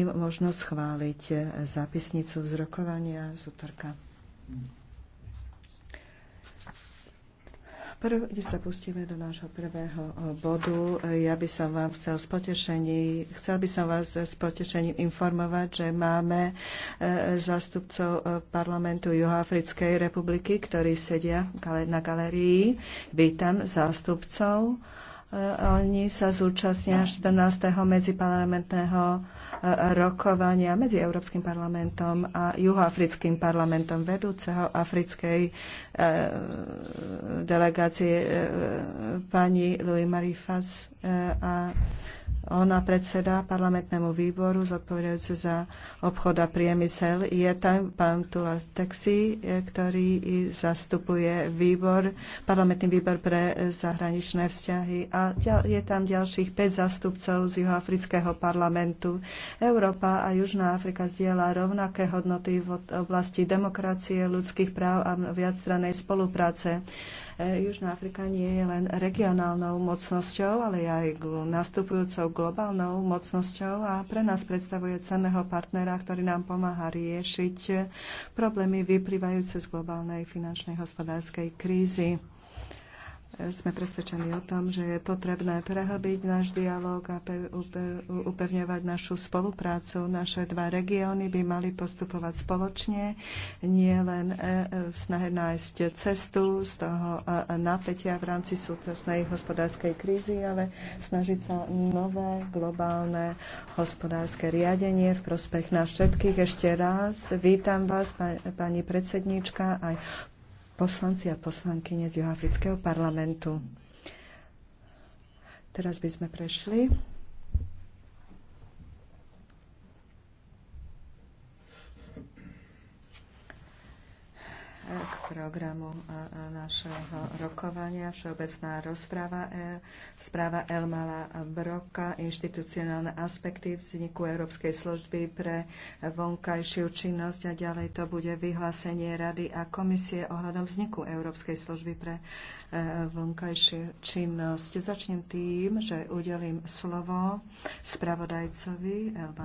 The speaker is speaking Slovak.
im možno schváliť eh, zápisnicu z rokovania z útorka. Prv, kde sa pustíme do nášho prvého eh, bodu, eh, ja by som vám chcel s potešením, chcel by som vás s potešením informovať, že máme zástupcov parlamentu Juhoafrickej republiky, ktorí sedia na galerii. Vítam zástupcov. Oni sa zúčastnia 14. medziparlamentného e, rokovania medzi Európskym parlamentom a Juhoafrickým parlamentom vedúceho africkej e, delegácie e, pani Louis Marie Fass a ona predseda parlamentnému výboru zodpovedajúce za obchod a priemysel. Je tam pán Tula Texi, e, ktorý zastupuje výbor, parlamentný výbor pre e, zahraničné vzťahy a je tam ďalších 5 zastupcov z Juhoafrického parlamentu. Európa a Južná Afrika zdieľa rovnaké hodnoty v oblasti demokracie, ľudských práv a viacstranej spolupráce. Južná Afrika nie je len regionálnou mocnosťou, ale aj nastupujúcou globálnou mocnosťou a pre nás predstavuje cenného partnera, ktorý nám pomáha riešiť problémy vyplývajúce z globálnej finančnej hospodárskej krízy sme presvedčení o tom, že je potrebné prehlbiť náš dialog a upevňovať našu spoluprácu. Naše dva regióny by mali postupovať spoločne, nie len e, v snahe nájsť cestu z toho e, napätia v rámci súčasnej hospodárskej krízy, ale snažiť sa nové globálne hospodárske riadenie v prospech nás všetkých. Ešte raz vítam vás, pani predsedníčka, aj poslanci a poslankyne z Juhoafrického parlamentu. Teraz by sme prešli k programu e, e, našeho rokovania. Všeobecná rozpráva, e, správa Elmala Broka, inštitucionálne aspekty vzniku Európskej služby pre vonkajšiu činnosť a ďalej to bude vyhlásenie Rady a komisie ohľadom vzniku Európskej služby pre vonkajšiu činnosť. Začnem tým, že udelím slovo spravodajcovi Elmala